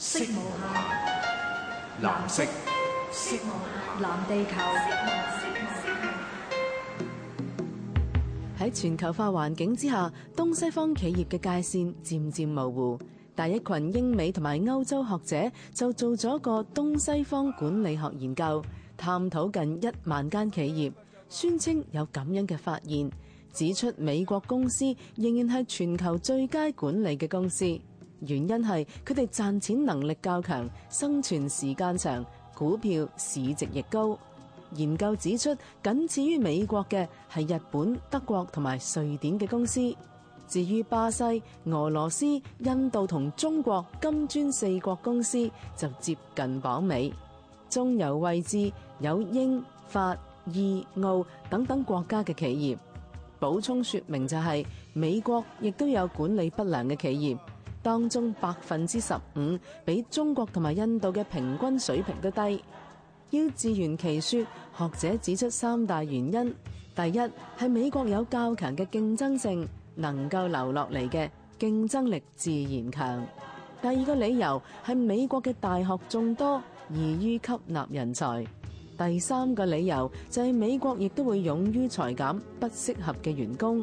色無限，藍色，色無限，藍地球。喺全球化環境之下，東西方企業嘅界線漸漸模糊，但一群英美同埋歐洲學者就做咗個東西方管理學研究，探討近一萬間企業，宣稱有咁樣嘅發現，指出美國公司仍然係全球最佳管理嘅公司。原因係佢哋賺錢能力較強，生存時間長，股票市值亦高。研究指出，僅次於美國嘅係日本、德國同埋瑞典嘅公司。至於巴西、俄羅斯、印度同中國金磚四國公司就接近榜尾。中游位置有英、法、意、澳等等國家嘅企業。補充說明就係美國亦都有管理不良嘅企業。當中百分之十五比中國同埋印度嘅平均水平都低。要自圓其説，學者指出三大原因：第一係美國有較強嘅競爭性，能夠留落嚟嘅競爭力自然強；第二個理由係美國嘅大學眾多，易於吸納人才；第三個理由就係美國亦都會勇於裁減不適合嘅員工。